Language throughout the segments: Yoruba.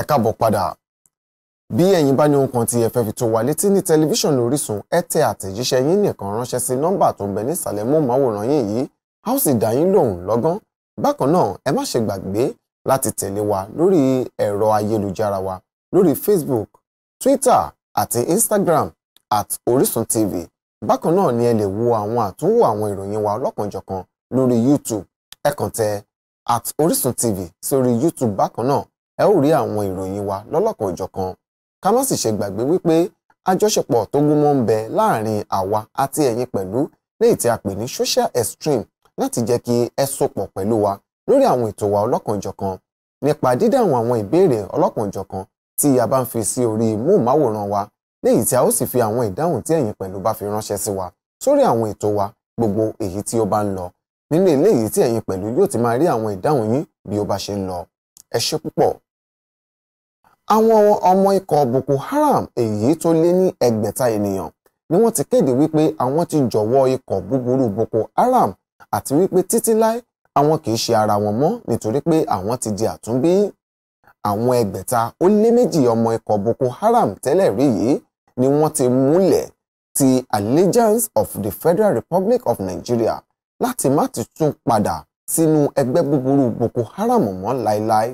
ẹ káàbọ̀ padà bí ẹ̀yin bá ní ohun kan tí ẹ fẹ́ fi tó wa létí ní tẹlifíṣàn lóríṣun ẹ tẹ àtẹ̀jíṣẹ́ yín nìkan ránṣẹ́ sí nọ́mbà tó ń bẹ ní ìsàlẹ̀ móhùnmáwòrán yín yìí a ó sì dá yín lóhùn lọ́gán bákan náà ẹ má ṣe gbàgbé láti tẹ̀lé wa lórí ẹ̀rọ ayélujára wa lórí Facebook Twitter àti Instagram at Orisun TV bákan náà ni ẹ lè wo àwọn àtúnwò àwọn ìròyìn wa ọlọ́kanjọ̀kan lórí YouTube ẹ tẹ at Orisun TV sórí YouTube bákan náà ẹ ó rí àwọn ìròyìn wa lọ́lọ́kan òjọ̀kan ká má sì ṣe gbàgbé wípé àjọṣepọ̀ tó gúnmọ́ ń bẹ láàrin àwa àti ẹ̀yin pẹ̀lú léyìí tí a pè ní social extreme láti jẹ́ kí ẹ sopọ̀ pẹ̀lú wa lórí àwọn ètò wa ọlọ́kan òjọ̀kan nípa dídáhùn àwọn ìbéèrè ọlọ́kan òjọ̀kan tí a bá ń fi sí orí móhùnmáwòrán wa léyìí tí a ó sì fi àwọn ìdáhùn tí ẹ̀yin pẹ̀lú bá fi ránṣẹ́ sí wa sórí àwọn ètò wa gbogbo èyí tí ó bá ń lọ nínú eléyìí tí ẹ̀yin pẹ̀lú yóò ti máa rí àwọn ìdáhùn yín bí ó bá ṣe ń lọ ẹ ṣé púpọ̀ àwọn ọmọ ikọ̀ Boko Haram èyí tó lé ní ẹgbẹ̀ta ènìyàn ni wọ́n ti kéde wípé àwọn ti jọ̀wọ́ ikọ̀ búburú Boko Haram àti wípé títí láé àwọn kì í ṣe ara wọn mọ́ nítorí pé àwọn ti di àtúnbí àwọn ẹgbẹ̀ta ó lé méjì ọmọ ikọ̀ Boko Haram tẹ́lẹ̀ rí yìí ni wọ́n ti múlẹ̀ ti Allegiance of the Federal Republic of Nigeria láti má ti tún padà sínú ẹgbẹ́ búburú Boko Haram mọ́ láéláé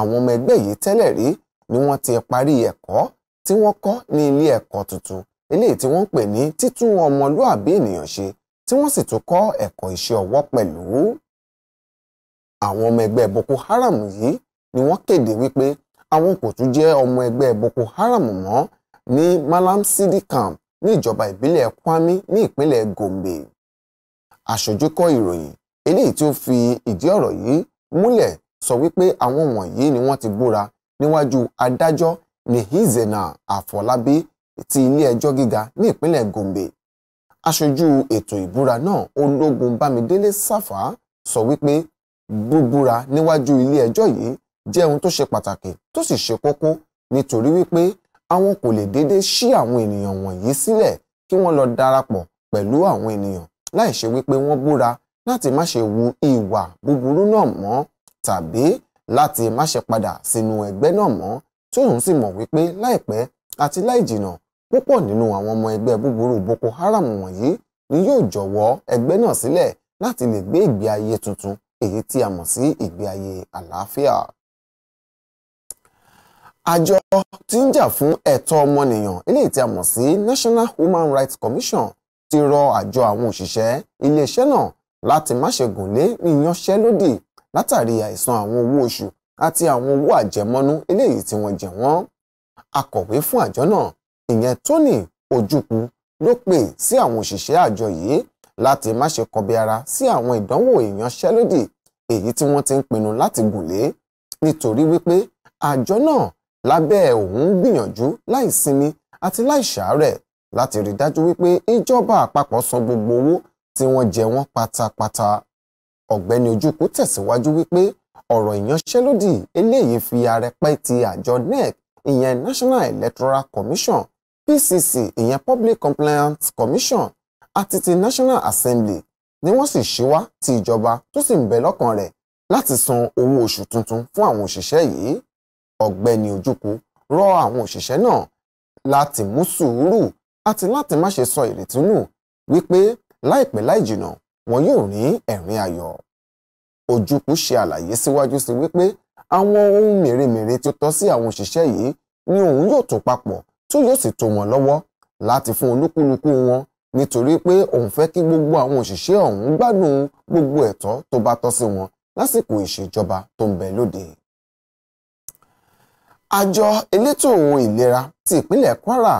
àwọn ọmọ ẹgbẹ́ yìí tẹ́lẹ̀ rí ni wọ́n ti parí ẹ̀kọ́ tí wọ́n kọ́ ní ilé ẹ̀kọ́ tuntun eléyìí tí wọ́n ń pè ní títún ọmọlúàbí ènìyàn ṣe tí wọ́n sì tún kọ́ ẹ̀kọ́ iṣẹ́ ọwọ́ pẹ̀lú. àwọn ọmọ ẹgbẹ́ Boko Haram yìí ni wọ́n kéde wípé àwọn kò tún jẹ́ ọmọ ẹgbẹ́ Boko Haram mọ́ ní Malam Sidi Camp ní ìjọba ìbílẹ̀ Kwami ní ìpínlẹ̀ Gombe. aṣojúkọ ìròyìn eléyìí tí ó fi ìdí ọ̀rọ̀ yìí múlẹ̀ sọ wípé àwọn wọ̀nyí ni wọ́n ti búra níwájú adájọ́ nehizena àfọlábí ti ilé-ẹjọ́ gíga ní ìpínlẹ̀ gombe aṣojú ètò ìbúra náà ológun bámidélé sáfà sọ wípé búbúra níwájú ilé-ẹjọ́ yìí jẹ́ ohun tó ṣe pàtàkì tó sì ṣe kókó nítorí wípé àwọn kò lè déédéé ṣí àwọn ènìyàn wọ̀nyí sílẹ̀ kí wọ́n lọ darapọ̀ pẹ̀lú àwọn ènìyàn láì ṣe wípé wọ́n búra láti má ṣe wu ìwà búburú náà mọ́ tàbí láti má ṣe padà sínú ẹgbẹ́ náà mọ́ tí òun sì mọ̀ wípé láìpẹ́ àti láì jìnà púpọ̀ nínú àwọn ọmọ ẹgbẹ́ búburú Boko Haram wọ̀nyí ni yóò jọ̀wọ́ ẹgbẹ́ náà sílẹ̀ láti lè gbé ìgbé ayé tuntun èyí tí a mọ̀ sí ìgbé ayé àlàáfíà. Àjọ tí ń jà fún ẹ̀tọ́ ọmọnìyàn eléyìí tí a mọ̀ sí National Human Rights Commission ti rọ àjọ àwọn òṣìṣẹ́ iléeṣẹ́ náà láti má ṣe gùn lé ìyanṣẹ́lódì látàrí àìsan àwọn owó oṣù àti àwọn owó àjẹmọ́nú eléyìí tí wọ́n jẹ wọ́n. akọ̀wé fún àjọ náà ìyẹn Tony Ojukwu ló pè sí àwọn òṣìṣẹ́ àjọ yìí láti má ṣe kọbi ara sí àwọn ìdánwò ìyanṣẹ́lódì èyí tí wọ́n ti ń pinnu láti gùnlé nítorí wípé àjọ náà lábẹ́ òun gbìyànjú láìsinmi àti láìṣàárẹ̀ láti rí dájú wípé ìjọba àpapọ̀ san gbogbo owó tí wọ́n jẹ wọ́n pátápátá ọ̀gbẹ́ni Ojukwu tẹ̀síwájú wípé ọ̀rọ̀ ìyanṣẹ́lódì eléyìí fi arẹpẹ́ ti àjọ NEC ìyẹn National Electoral Commission PCC ìyẹn Public Compliance Commission àti ti National Assembly ni wọ́n sì ṣíwá ti ìjọba tó sì ń bẹ lọ́kàn rẹ̀ láti san owó oṣù tuntun fún àwọn òṣìṣẹ́ yìí ọ̀gbẹ́ni Ojukwu rọ àwọn òṣìṣẹ́ náà láti mú sùúrù àti láti má ṣe sọ ìrètí nù wípé láìpẹ́ láì jìnnà wọn yóò rí ẹ̀rín ayọ̀. Ojukwu ṣe àlàyé síwájú sí wípé àwọn ohun mèremère tó tọ́ sí àwọn òṣìṣẹ́ yìí ni òun yóò tó papọ̀ tó yóò sì tó wọn lọ́wọ́ láti fún olúkúlùkù wọn nítorí pé òun fẹ́ kí gbogbo àwọn òṣìṣẹ́ ọ̀hún gbádùn gbogbo ẹ̀tọ́ tó bá tọ́ sí wọn lásìkò ìṣèjọba tó ń bẹ lóde. Àjọ elétò ìlera ti ìpínlẹ̀ Kwara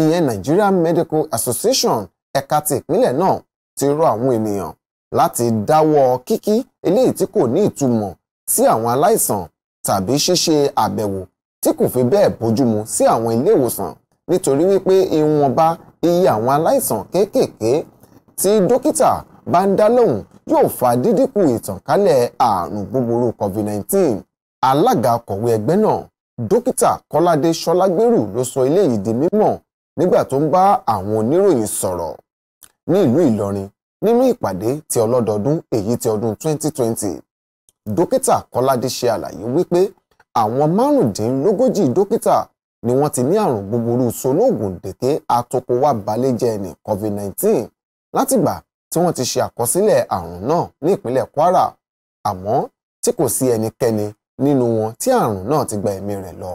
ìyẹn Nigerian Medical Association ẹ̀ka ti ìpínlẹ̀ náà ti rọ àwọn ènìyàn láti dáwọ́ kíkí eléyìí tí kò ní ìtumọ̀ sí àwọn aláìsàn tàbí ṣíṣe àbẹ̀wò tí kò fi bẹ́ẹ̀ bójúmu sí àwọn ilé ìwòsàn nítorí wípé ìwọ̀nba iye àwọn aláìsàn kéékèèké tí dókítà bá ń dá lóhùn yóò fa dídínkù ìtànkálẹ̀ àrùn búburú COVID-19 alága akọ̀wé ẹgbẹ́ náà dókítà Kọ́ládé Ṣọlágbérù ló sọ eléyìí di mímọ̀ nígbà tó ń bá àwọn oníròyìn sọ̀rọ̀ ní ìlú Ìlọrin nínú ìpàdé ti ọlọ́dọọdún èyí ti ọdún 2020 dókítà Kọ́ládé ṣe àlàyé wípé àwọn márùndínlógójì dókítà ni wọ́n ti ní àrùn búburú sológùndèké atokowábalẹ̀jẹni COVID-19 látìgbà tí wọ́n ti ṣe àkọsílẹ̀ àrùn náà ní ìpínlẹ̀ Kwara àmọ́ tí kò sí ẹnikẹ́ni nínú wọn tí àrùn náà ti gba ẹ̀mí rẹ̀ lọ.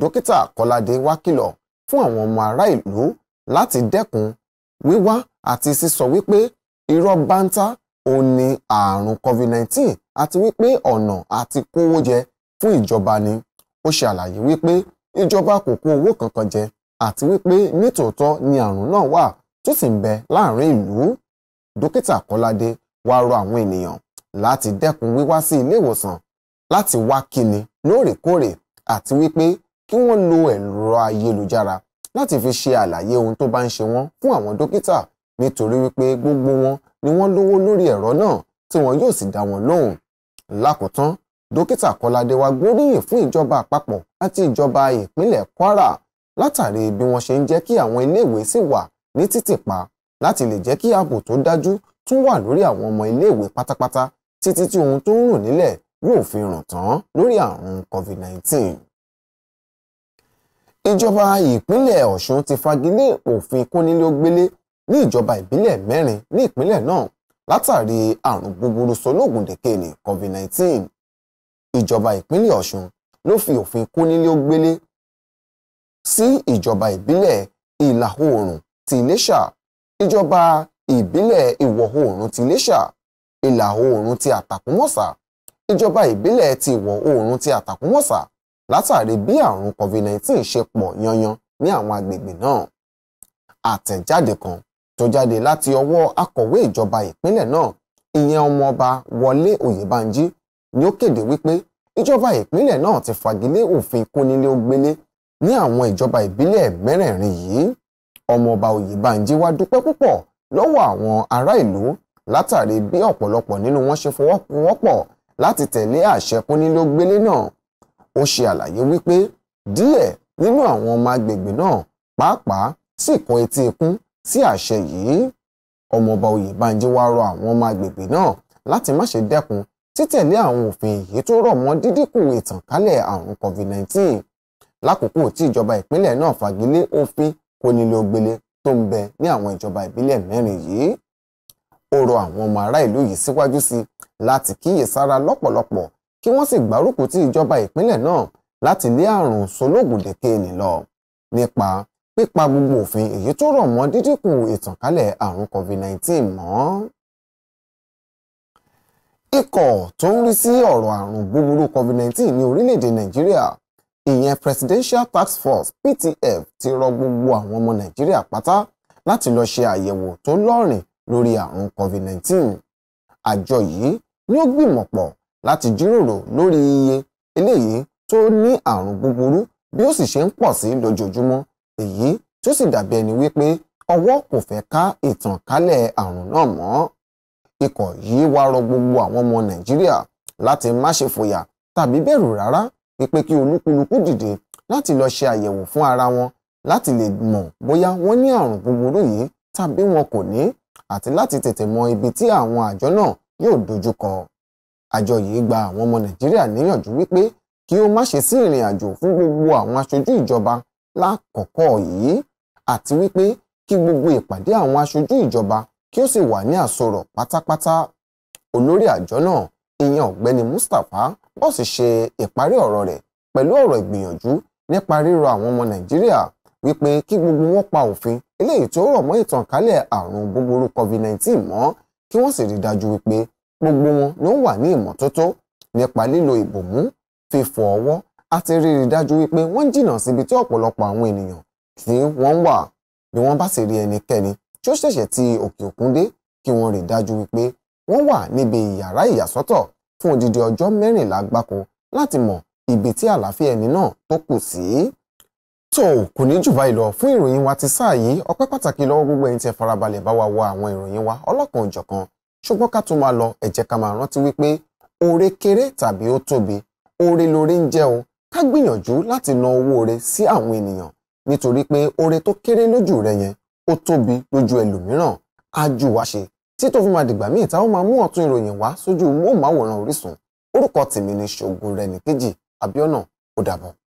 dókítà Kọ́ládé wá kìlọ̀ fún àwọn ọmọ ará ìlú láti dẹ́kun wíwá àti sísọ wípé irọ́ báńtá òun ni ààrùn COVID-19 àti wípé ọ̀nà àti kówó jẹ fún ìjọba ni ó ṣe àlàyé wípé ìjọba kò kó owó kankan jẹ àti wípé nítòótọ́ ni ààrùn náà wà tó sì ń bẹ láàrin ìlú dókítà Kọ́ládé wá rọ àwọn ènìyàn láti dẹ́kun wíwá sí ilé ìwòsàn láti wá kíni lóòrèkóòrè àti wípé kí wọ́n lo ẹ̀rọ ayélujára láti fi ṣe àlàyé ohun tó bá ń ṣe wọ́n fún àwọn dókítà nítorí wípé gbogbo wọn ni wọ́n lówó lórí ẹ̀rọ náà tí wọn yóò sì dá wọn lóhùn lákòótán dókítà Kọ́ládé wa gbóríyìn fún ìjọba àpapọ̀ àti ìjọba ìpínlẹ̀ Kwara látàrí bí wọ́n ṣe ń jẹ́ kí àwọn iléèwé sì wà ní títìpa láti lè jẹ́ kí ààbò tó dájú tún wà lórí àwọn ọmọ iléèwé pátápátá títí tí ohun tó ń rùn nílẹ̀ yóò fi ràn tán lórí àrùn COVID-19 ìjọba ìpínlẹ̀ Ọ̀ṣun ti fagilé òfin kónílógbélé ní ìjọba ìbílẹ̀ mẹ́rin ní ìpínlẹ̀ náà látàrí àrùn búburú sológùndèké ní COVID-19 ìjọba ìpínlẹ̀ Ọ̀ṣun ló fi òfin kónílógbélé sí ìjọba ìbílẹ̀ ìlà oòrùn ti Iléṣà ìjọba ìbílẹ̀ ìwọ̀ oòrùn ti Iléṣà ìlà oòrùn ti Àtàkùnmọ̀sà ìjọba ìbílẹ̀ ti ìwọ̀ ti Àtàkùnmọ̀sà látàrí bí àrùn covid-19 ṣe pọ̀ yanyan ní àwọn agbègbè náà àtẹ̀jáde kan tó jáde láti ọwọ́ akọ̀wé ìjọba ìpínlẹ̀ náà ìyẹn ọmọọba Wọlé Oyèbánjí ni ó kéde wípé ìjọba ìpínlẹ̀ náà ti fagilé òfin kónílé-ó-gbélé ní àwọn ìjọba ìbílẹ̀ mẹ́rẹ̀ẹ̀rin yìí ọmọọba Oyèbánjí wá dúpẹ́ púpọ̀ lọ́wọ́ àwọn ará ìlú látàrí bí ọ̀pọ̀lọpọ̀ nínú wọn ṣe fọwọ́pọ̀ láti tẹ̀lé àṣẹ kónílé-ó-gbélé náà ó ṣe àlàyé wípé díẹ̀ nínú àwọn ọmọ agbègbè náà pàápàá sì kan etí ikún sí àṣẹ yìí ọmọọba Oyèbánjí wá rọ àwọn ọmọ agbègbè náà láti má ṣe dẹ́kun títẹ̀lé àwọn òfin èyí tó rọ̀ mọ́ dídínkù ìtànkálẹ̀ àrùn covid-19 lákòókò tí ìjọba ìpínlẹ̀ náà fagilé òfin kónílógbélé tó ń bẹ ní àwọn ìjọba ìbílẹ̀ mẹ́rin yìí ó rọ àwọn ọmọ ará ìlú yìí síwájú sí láti kíyèsára lọ́pọ̀lọpọ̀ kí wọ́n sì gbárùkù ti ìjọba ìpínlẹ̀ náà láti lé àrùn sológùndẹ̀kẹ́lì lọ nípa pípa gbogbo òfin èyí tó rọ̀ mọ́ dídínkù ìtànkálẹ̀ àrùn COVID-19 mọ́. Ikọ̀ tó ń rí sí ọ̀rọ̀ àrùn búburú COVID-19 ní orílẹ̀-èdè Nàìjíríà ìyẹn Presidential tax Force PTF ti rọ gbogbo àwọn ọmọ Nàìjíríà pátá láti lọ ṣe àyẹ̀wò tó lọ́rìn lórí àrùn COVID-19. Àjọ yìí ni ó gbìmọ̀ pọ̀ láti jíròrò lórí iye eléyìí tó ní àrùn búburú bí ó sì ṣe ń pọ̀ sí lójoojúmọ́ èyí tó sì dàbí ẹni wípé ọwọ́ kò fẹ́ ká ìtànkálẹ̀ àrùn náà mọ́. ikọ̀ yìí wá rọ gbogbo àwọn ọmọ nàìjíríà láti má ṣe fòyà tàbí bẹ̀rù rárá wípé kí olúkúlùkù dìde láti lọ ṣe àyẹ̀wò fún ara wọn láti lè mọ̀ bóyá wọ́n ní àrùn búburú yìí tàbí wọn kò ní àti láti tètè mọ ibi tí àwọn àjọ náà yóò dojú àjọ yìí gba àwọn ọmọ nàìjíríà níyànjú wípé kí ó má ṣe sí ìrìn àjò fún gbogbo àwọn aṣojú ìjọba lákọ̀ọ́kọ́ yìí àti wípé kí gbogbo ìpàdé àwọn aṣojú ìjọba kí ó sì wà ní àsorọ̀ pátápátá olórí àjọ náà ìyẹn ọ̀gbẹ́ni Mustapha bọ́ọ̀sì ṣe ìparí ọ̀rọ̀ rẹ̀ pẹ̀lú ọ̀rọ̀ ìgbìyànjú nípa rírọ̀ àwọn ọmọ nàìjíríà wípé kí gbogbo wọn pa òfin eléyìí tó rọ̀ mọ́ ìtànkálẹ̀ àrùn búburú COVID-19 mọ́ kí wọ́n sì rí dájú wípé gbogbo wọn ló wà ní ìmọ́tótó nípa lílo ìbòmú fífọ ọwọ́ àti rírí dájú wípé wọ́n jìnnà síbi tí ọ̀pọ̀lọpọ̀ àwọn ènìyàn tí wọ́n wà bí wọ́n bá sì rí ẹnikẹ́ni tí ó ṣẹ̀ṣẹ̀ ti òkè òkun dé kí wọ́n rí dájú wípé wọ́n wà níbi yàrá ìyàsọ́tọ̀ fún odidi ọjọ́ mẹ́rìnlá gbáko láti mọ ibi tí àlàáfíà ẹni náà tó kù sí. tó kò ní jù báyìí lọ fún ìròyìn wa ti sáà yìí ọpẹ́ pàtàkì lọ́wọ́ gbogbo ẹni tẹ́ farabalẹ̀ bá wa wo àwọn ìròyìn wa ọlọ́kan òjọ̀kan ṣùgbọ́n ká tó máa lọ ẹ jẹ́ ká máa rántí wípé oore kéré tàbí ó tóbi oore lóore ń jẹ́ o ká gbìyànjú láti na owó rẹ sí àwọn ènìyàn nítorí pé oore tó kéré lójú rẹ yẹn ó tóbi lójú ẹlòmíràn á tí tó fi máa dìgbà míì táwọn máa mú ọ̀tún ìròyìn wá sójú móhùnmáwòrán Orísun orúkọ tèmi ni ṣògo rẹ nìkejì Abíọ́nà ó